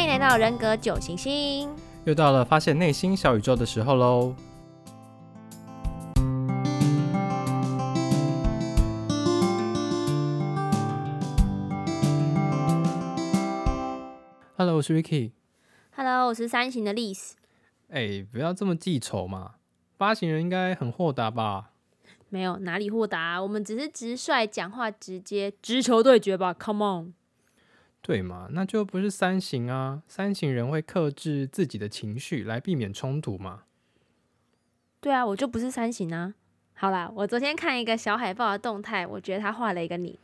歡迎來到人格九行星，又到了發現內心小宇宙的時候嘍 ！Hello，我是 Vicky。Hello，我是三型的 Lise。哎、欸，不要這麼記仇嘛！八型人應該很豁達吧？ 沒有哪裡豁達、啊，我們只是直率，講話直接，直球對決吧！Come on！對嘛？那就不是三型啊！三型人會克制自己的情緒來避免衝突嘛？對啊，我就不是三型啊！好啦，我昨天看一個小海報的動態，我覺得他畫了一個你。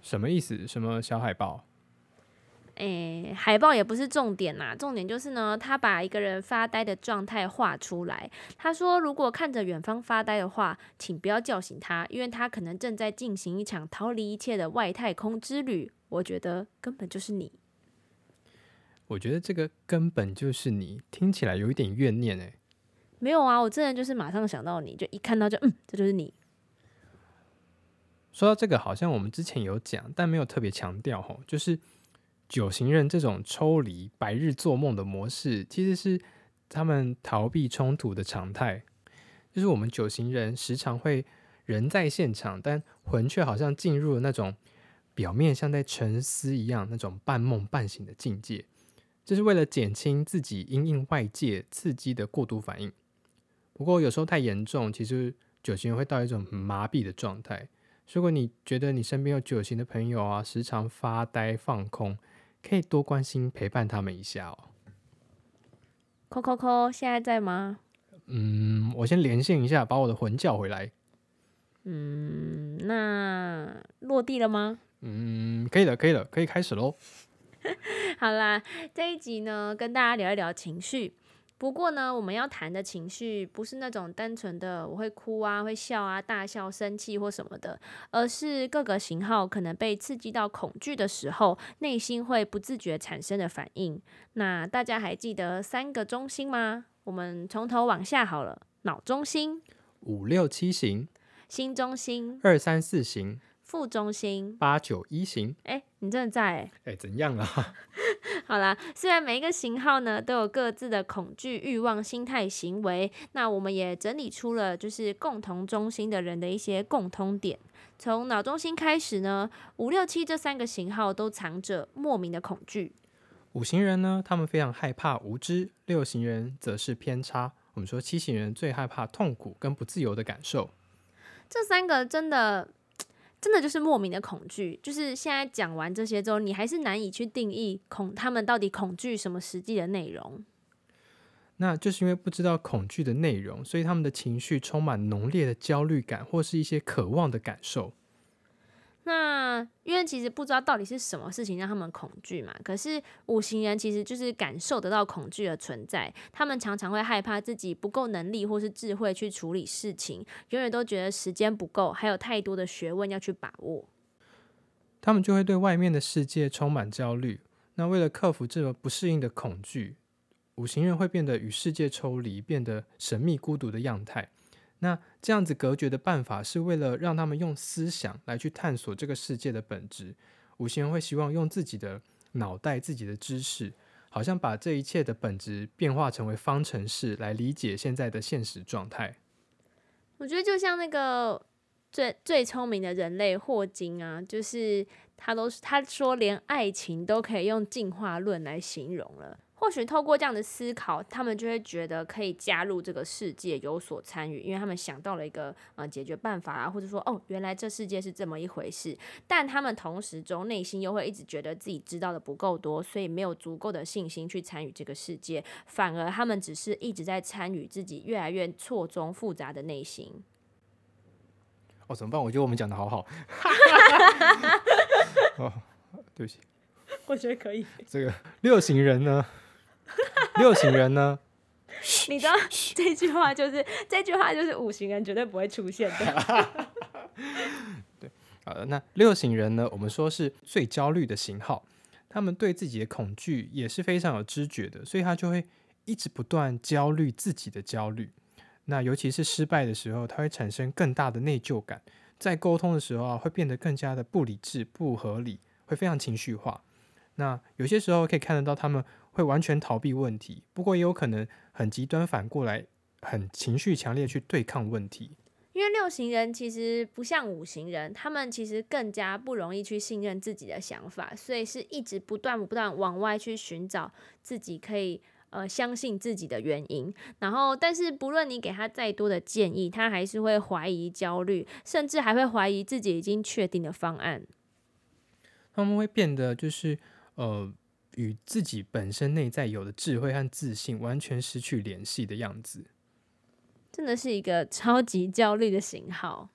什麼意思？什麼小海報？誒，海報也不是重點啦。重點就是呢，他把一個人發呆的狀態畫出來。他說，如果看着遠方發呆的話，請不要叫醒他，因為他可能正在進行一場逃離一切的外太空之旅。我覺得根本就是你。我覺得這個根本就是你，聽起來有一點怨念誒、欸，沒有啊，我這人就是馬上想到你，就一看到就嗯，這就是你。說到這個，好像我們之前有講，但沒有特別強調吼，就是九型人這種抽離、白日做夢的模式，其實是他們逃避衝突的常態。就是我們九型人時常會人在現場，但魂卻好像進入了那種。表面像在沉思一樣，那種半夢半醒的境界，這是為了減輕自己因應外界刺激的過度反應。不過有時候太嚴重，其實九型會到一種很麻痹的狀態。如果你覺得你身邊有九型的朋友啊，時常發呆放空，可以多關心陪伴他們一下哦、喔。扣扣扣，現在在嗎？嗯，我先連線一下，把我的魂叫回來。嗯，那落地了嗎？嗯，可以的，可以的，可以開始嘍。 好啦，這一集呢，跟大家聊一聊情緒。不過呢，我們要談的情緒不是那種單純的我會哭啊、會笑啊、大笑、生氣或什麼的，而是各個型號可能被刺激到恐懼的時候，內心會不自覺產生的反應。那大家還記得三個中心嗎？我們從頭往下好了，腦中心五六七型，心中心二三四型。腹中心八九一型，哎、欸，你真的在、欸？哎、欸，怎樣了？ 好啦，雖然每一個型號呢都有各自的恐懼、欲望、心態、行為，那我們也整理出了就是共同中心的人的一些共通點。從腦中心開始呢，五六七這三個型號都藏着莫名的恐懼。五行人呢，他們非常害怕無知；六行人則是偏差。我們說七行人最害怕痛苦跟不自由的感受。這三個真的。真的就是莫名的恐懼，就是現在講完這些之後，你還是難以去定義恐，他們到底恐懼什麼實際的內容。那就是因為不知道恐懼的內容，所以他們的情緒充滿濃烈的焦慮感，或是一些渴望的感受。那因為其實不知道到底是什麼事情讓他們恐懼嘛，可是五型人其實就是感受得到恐懼的存在，他們常常會害怕自己不夠能力或是智慧去處理事情，永遠都覺得時間不夠，還有太多的學問要去把握，他們就會對外面的世界充滿焦慮。那為了克服這個不適應的恐懼，五型人會變得與世界抽離，變得神秘孤獨的樣態。那這樣子隔絕的辦法，是為了讓他們用思想來去探索這個世界的本質。五號人會希望用自己的腦袋、自己的知識，好像把這一切的本質變化成為方程式來理解現在的現實狀態。我覺得就像那個最最聰明的人類霍金啊，就是他都是他說連愛情都可以用進化論來形容了。或許透過這樣的思考，他們就會覺得可以加入這個世界，有所參與，因為他們想到了一個呃解決辦法啊，或者說哦，原來這世界是這麼一回事。但他們同時中內心又會一直覺得自己知道的不夠多，所以沒有足夠的信心去參與這個世界，反而他們只是一直在參與自己越來越錯綜複雜的內心。哦，怎麼辦？我覺得我們講的好好 哦，對不起。我覺得可以。這個六型人呢？ 六型人呢？你知道這句話就是這句話就是五型人絕對不會出現的。 對，好的，那六型人呢？我們說是最焦慮的型號，他們對自己的恐懼也是非常有知覺的，所以他就會一直不斷焦慮自己的焦慮。那尤其是失敗的時候，他會產生更大的內疚感。在溝通的時候啊，會變得更加的不理智、不合理，會非常情緒化。那有些時候可以看得到他們。會完全逃避問題，不過也有可能很極端，反過來很情緒強烈去對抗問題。因為六型人其實不像五型人，他們其實更加不容易去信任自己的想法，所以是一直不斷不斷往外去尋找自己可以呃相信自己的原因。然後，但是不論你給他再多的建議，他還是會懷疑、焦慮，甚至還會懷疑自己已經確定的方案。他們會變得就是呃。與自己本身內在有的智慧和自信完全失去聯繫的樣子，真的是一個超級焦慮的信號。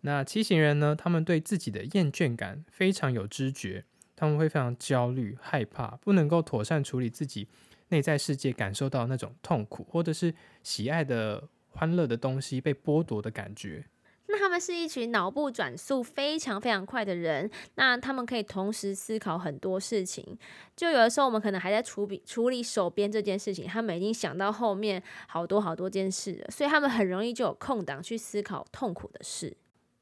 那七型人呢？他們對自己的厭倦感非常有知覺，他們會非常焦慮、害怕，不能夠妥善處理自己內在世界感受到那種痛苦，或者是喜愛的、歡樂的東西被剝奪的感覺。那他們是一群腦部轉速非常非常快的人，那他們可以同時思考很多事情。就有的時候，我們可能還在處理處理手邊這件事情，他們已經想到後面好多好多件事了，所以他們很容易就有空檔去思考痛苦的事。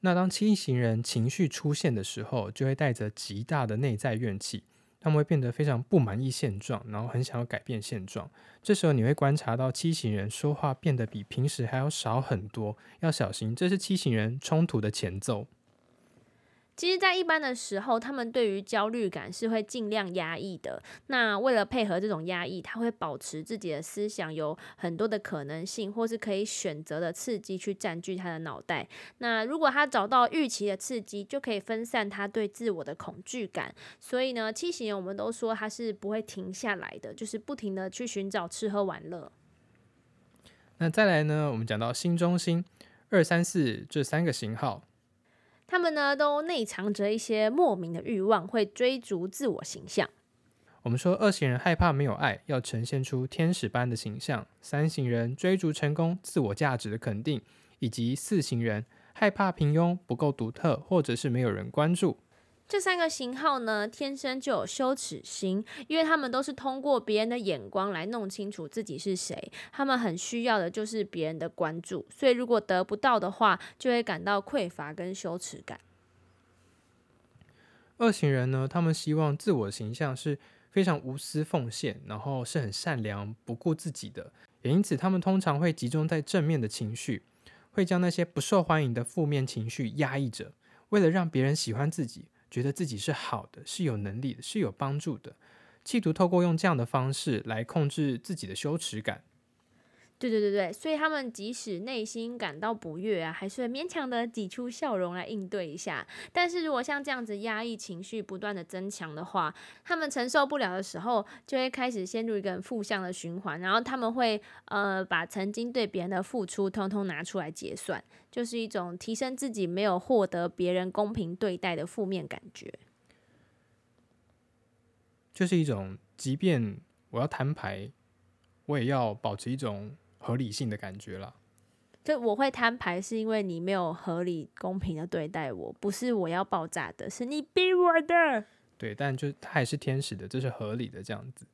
那當七型人情緒出現的時候，就會帶着極大的內在怨氣。他們會變得非常不滿意現狀，然後很想要改變現狀。這時候你會觀察到七型人說話變得比平時還要少很多，要小心，這是七型人衝突的前奏。其實，在一般的時候，他們對於焦慮感是會盡量壓抑的。那為了配合這種壓抑，他會保持自己的思想有很多的可能性，或是可以選擇的刺激去佔據他的腦袋。那如果他找到預期的刺激，就可以分散他對自我的恐懼感。所以呢，七型人我們都說他是不會停下來的，就是不停的去尋找吃喝玩樂。那再來呢，我們講到心中心二三四這三個型號。他們呢，都內藏着一些莫名的慾望，會追逐自我形象。我們說，二型人害怕沒有愛，要呈現出天使般的形象；三型人追逐成功、自我價值的肯定，以及四型人害怕平庸、不夠獨特，或者是沒有人關注。這三個型號呢，天生就有羞恥心，因為他們都是通過別人的眼光來弄清楚自己是誰。他們很需要的就是別人的關注，所以如果得不到的話，就會感到匱乏跟羞恥感。二型人呢，他們希望自我形象是非常無私奉獻，然後是很善良、不顧自己的，也因此他們通常會集中在正面的情緒，會將那些不受歡迎的負面情緒壓抑着，為了讓別人喜歡自己。覺得自己是好的，是有能力的，是有幫助的，企圖透過用這樣的方式來控制自己的羞恥感。對對對對，所以他們即使內心感到不悅啊，還是會勉強的擠出笑容來應對一下。但是如果像這樣子壓抑情緒不斷的增強的話，他們承受不了的時候，就會開始陷入一個負向的循環。然後他們會呃把曾經對別人的付出，通通拿出來結算，就是一種提升自己沒有獲得別人公平對待的負面感覺。就是一種，即便我要攤牌，我也要保持一種。合理性的感覺了，就我會攤牌，是因為你沒有合理公平的對待我，不是我要爆炸的，是你逼我的。對，但就是他也是天使的，這、就是合理的這樣子。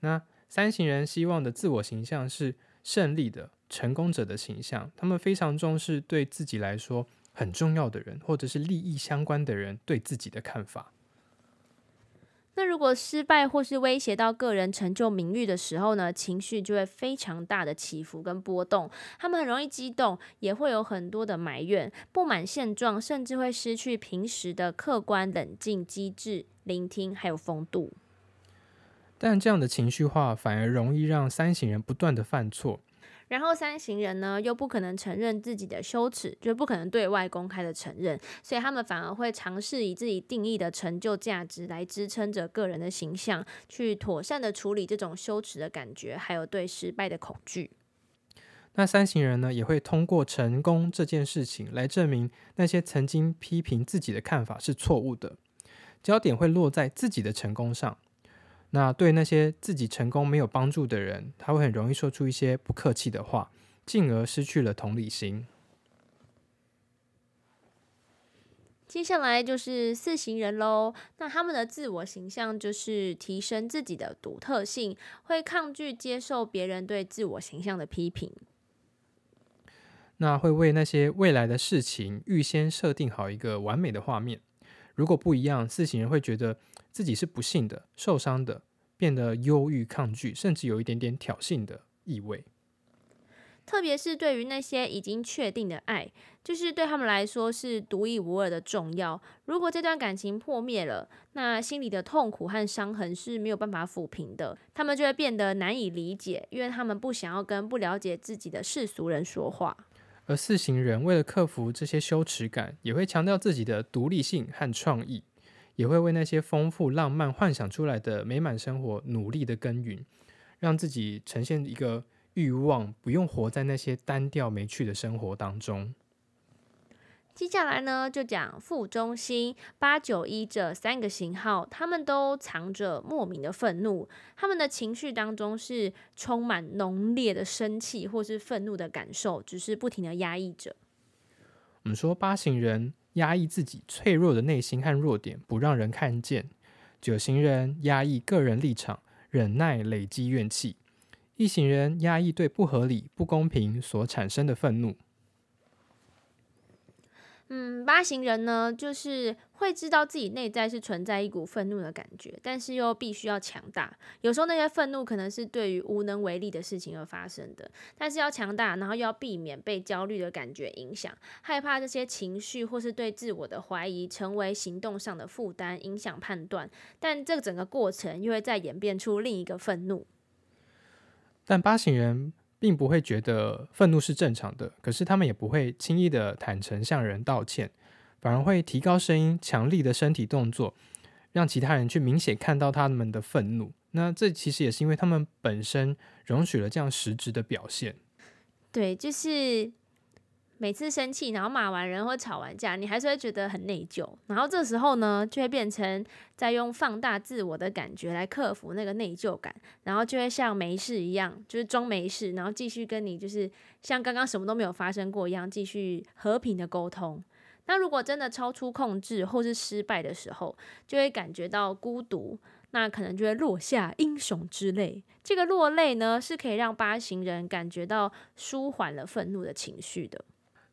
那三型人希望的自我形象是勝利的、成功者的形象，他們非常重視對自己來說很重要的人，或者是利益相關的人對自己的看法。那如果失敗或是威脅到個人成就名譽的時候呢？情緒就會非常大的起伏跟波動，他們很容易激動，也會有很多的埋怨、不滿現狀，甚至會失去平時的客觀、冷靜、機智、聆聽還有風度。但這樣的情緒化反而容易讓三型人不斷的犯錯。然後三型人呢，又不可能承認自己的羞恥，就不可能對外公開的承認，所以他們反而會嘗試以自己定義的成就價值來支撐着個人的形象，去妥善的處理這種羞恥的感覺，還有對失敗的恐懼。那三型人呢，也會通過成功這件事情來證明那些曾經批評自己的看法是錯誤的，焦點會落在自己的成功上。那對那些自己成功沒有幫助的人，他會很容易說出一些不客氣的話，進而失去了同理心。接下來就是四型人嘍，那他們的自我形象就是提升自己的獨特性，會抗拒接受別人對自我形象的批評。那會為那些未來的事情預先設定好一個完美的畫面。如果不一樣，四型人會覺得自己是不幸的、受傷的，變得憂鬱、抗拒，甚至有一點點挑釁的意味。特別是對於那些已經確定的愛，就是對他們來說是獨一無二的重要。如果這段感情破滅了，那心裡的痛苦和傷痕是沒有辦法撫平的。他們就會變得難以理解，因為他們不想要跟不了解自己的世俗人說話。而四型人為了克服這些羞恥感，也會強調自己的獨立性和創意，也會為那些豐富浪漫幻想出來的美滿生活努力的耕耘，讓自己呈現一個慾望，不用活在那些單調沒趣的生活當中。接下來呢，就講副中心八九一這三個型號，他們都藏着莫名的憤怒，他們的情緒當中是充滿濃烈的生氣或是憤怒的感受，只是不停的壓抑着。我們說，八型人壓抑自己脆弱的內心和弱點，不讓人看見；九型人壓抑個人立場，忍耐累積怨氣；一型人壓抑對不合理、不公平所產生的憤怒。嗯，八型人呢，就是會知道自己內在是存在一股憤怒的感覺，但是又必須要強大。有時候那些憤怒可能是對於無能為力的事情而發生的，但是要強大，然後又要避免被焦慮的感覺影響，害怕這些情緒或是對自我的懷疑成為行動上的負擔，影響判斷。但這個整個過程又會再演變出另一個憤怒。但八型人。並不會覺得憤怒是正常的，可是他們也不會輕易的坦誠向人道歉，反而會提高聲音、強力的身體動作，讓其他人去明顯看到他們的憤怒。那這其實也是因為他們本身容許了這樣實質的表現。對，就是。每次生氣，然後罵完人或吵完架，你還是會覺得很內疚。然後這時候呢，就會變成在用放大自我的感覺來克服那個內疚感，然後就會像沒事一樣，就是裝沒事，然後繼續跟你就是像剛剛什麼都沒有發生過一樣，繼續和平的溝通。那如果真的超出控制或是失敗的時候，就會感覺到孤獨，那可能就會落下英雄之淚。這個落淚呢，是可以讓八型人感覺到舒緩了憤怒的情緒的。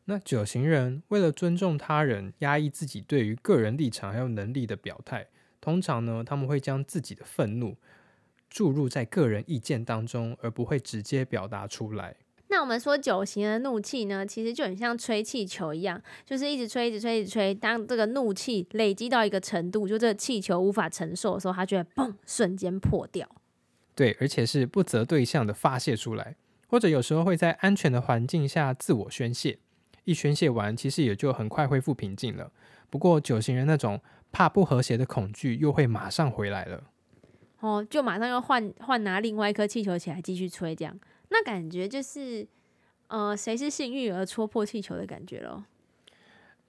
那九型人為了尊重他人，壓抑自己對於個人立場還有能力的表態，通常呢，他們會將自己的憤怒注入在個人意見當中，而不會直接表達出來。那我們說九型的怒氣呢，其實就很像吹氣球一樣，就是一直吹，一直吹，一直吹。當這個怒氣累積到一個程度，就這個氣球無法承受的時候，它就會嘣，瞬間破掉。對，而且是不擇對象的發洩出來，或者有時候會在安全的環境下自我宣洩。一宣洩完，其實也就很快恢復平靜了。不過，九型人那種怕不和諧的恐懼又會馬上回來了。哦，就馬上要換換拿另外一顆氣球起來繼續吹，這樣那感覺就是，呃，誰是幸運兒戳破氣球的感覺咯。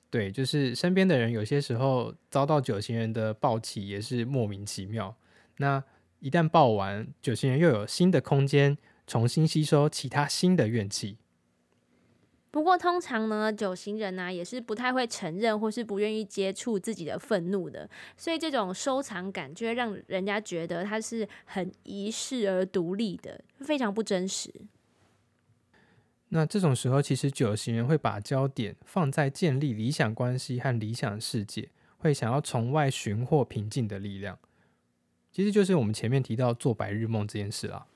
對，就是身邊的人有些時候遭到九型人的爆氣也是莫名其妙。那一旦爆完，九型人又有新的空間重新吸收其他新的怨氣。不過，通常呢，九型人呢、啊、也是不太會承認或是不願意接觸自己的憤怒的，所以這種收藏感就會讓人家覺得他是很遺世而獨立的，非常不真實。那這種時候，其實九型人會把焦點放在建立理想關係和理想世界，會想要從外尋獲平靜的力量，其實就是我們前面提到做白日夢這件事了、啊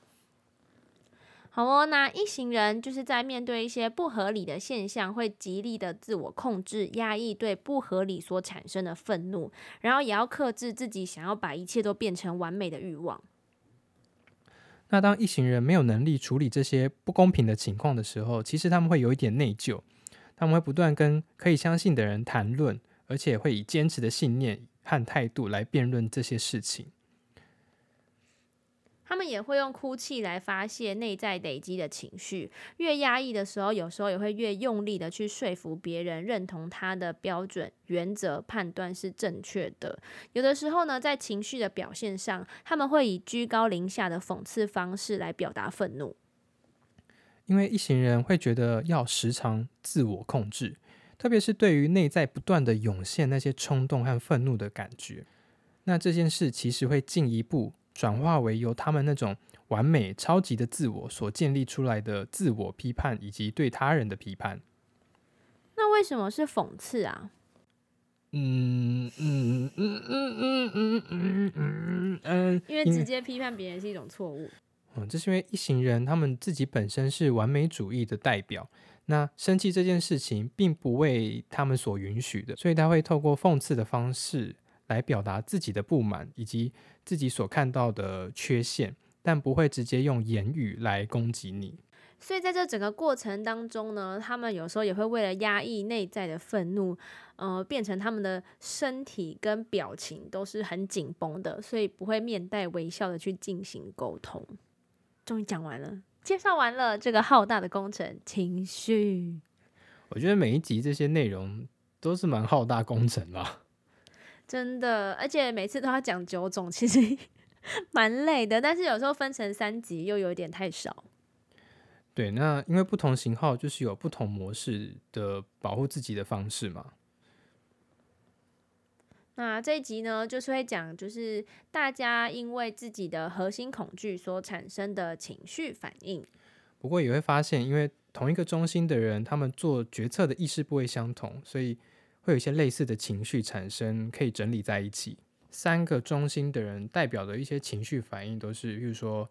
好哦，那一行人就是在面對一些不合理的現象，會極力的自我控制、壓抑對不合理所產生的憤怒，然後也要克制自己想要把一切都變成完美的欲望。那當一行人沒有能力處理這些不公平的情況的時候，其實他們會有一點內疚，他們會不斷跟可以相信的人談論，而且會以堅持的信念和態度來辯論這些事情。他們也會用哭泣來發洩內在累積的情緒，越壓抑的時候，有時候也會越用力的去說服別人認同他的標準、原則、判斷是正確的。有的時候呢，在情緒的表現上，他們會以居高臨下的諷刺方式來表達憤怒，因為一型人會覺得要時常自我控制，特別是對於內在不斷的湧現那些衝動和憤怒的感覺，那這件事其實會進一步。轉化為由他們那種完美、超級的自我所建立出來的自我批判以及對他人的批判。那為什麼是諷刺啊？嗯嗯嗯嗯嗯嗯嗯嗯嗯嗯。因為直接批判別人是一種錯誤。嗯，這是因為一型人他們自己本身是完美主義的代表，那生氣這件事情並不為他們所允許的，所以他會透過諷刺的方式。來表達自己的不滿以及自己所看到的缺陷，但不會直接用言語來攻擊你。所以在這整個過程當中呢，他們有時候也會為了壓抑內在的憤怒，呃，變成他們的身體跟表情都是很緊繃的，所以不會面帶微笑的去進行溝通。終於講完了，介紹完了這個浩大的工程，情緒。我覺得每一集這些內容都是蠻浩大工程嘛。真的，而且每次都要講九種，其實蠻累的。但是有時候分成三集又有點太少。對，那因為不同型號就是有不同模式的保護自己的方式嘛。那這一集呢，就是會講，就是大家因為自己的核心恐懼所產生的情緒反應。不過也會發現，因為同一個中心的人，他們做決策的意識不會相同，所以，會有一些類似的情緒產生，可以整理在一起。三個中心的人代表的一些情緒反應都是，譬如說，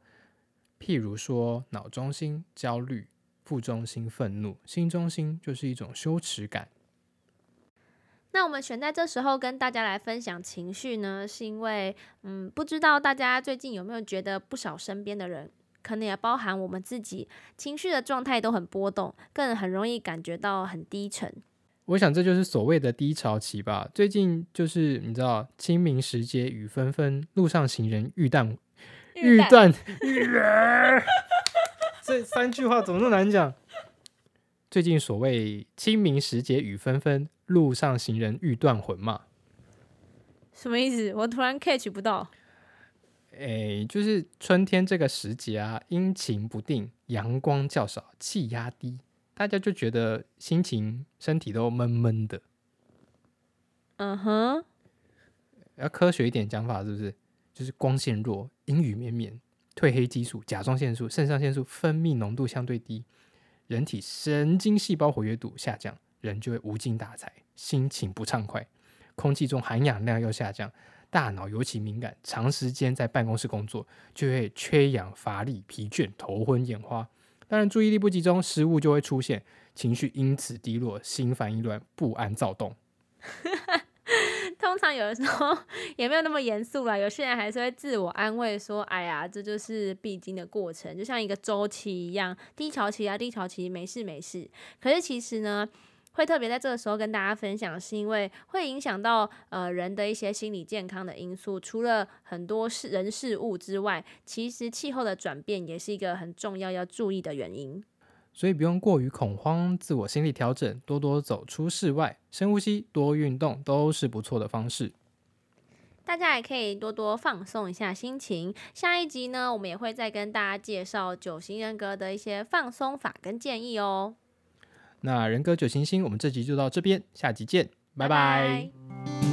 譬如說腦中心焦慮，腹中心憤怒，心中心就是一種羞恥感。那我們選在這時候跟大家來分享情緒呢，是因為，嗯，不知道大家最近有沒有覺得不少身邊的人，可能也包含我們自己，情緒的狀態都很波動，更很容易感覺到很低沉。我想這就是所謂的低潮期吧。最近就是你知道清明時節雨紛紛，路上行人欲斷欲斷欲斷 這三句話怎麼那麼難講？ 最近所謂清明時節雨紛紛，路上行人欲斷魂嘛。什麼意思？我突然 catch 不到。誒，就是春天這個時節啊，陰晴不定，陽光較少，氣壓低。大家就覺得心情、身體都悶悶的。嗯哼，要科學一點講法，是不是？就是光線弱、陰雨綿綿、褪黑激素、甲狀腺素、腎上腺素分泌濃度相對低，人體神經細胞活躍度下降，人就會無精打采、心情不暢快。空氣中含氧量又下降，大腦尤其敏感，長時間在辦公室工作就會缺氧、乏力、疲倦、頭昏眼花。當然，注意力不集中，失誤就會出現，情緒因此低落，心煩意亂，不安躁動。 通常有的時候也沒有那麼嚴肅啦，有些人還是會自我安慰說：“哎呀，這就是必經的過程，就像一個週期一樣，低潮期啊，低潮期，沒事沒事。”可是其實呢？會特別在這個時候跟大家分享，是因為會影響到呃人的一些心理健康的因素，除了很多事人事物之外，其實氣候的轉變也是一個很重要要注意的原因。所以不用過於恐慌，自我心理調整，多多走出室外，深呼吸，多運動都是不錯的方式。大家也可以多多放鬆一下心情。下一集呢，我們也會再跟大家介紹九型人格的一些放鬆法跟建議哦。那人格，九型人格，我們這集就到這邊，下集見，拜拜。拜拜。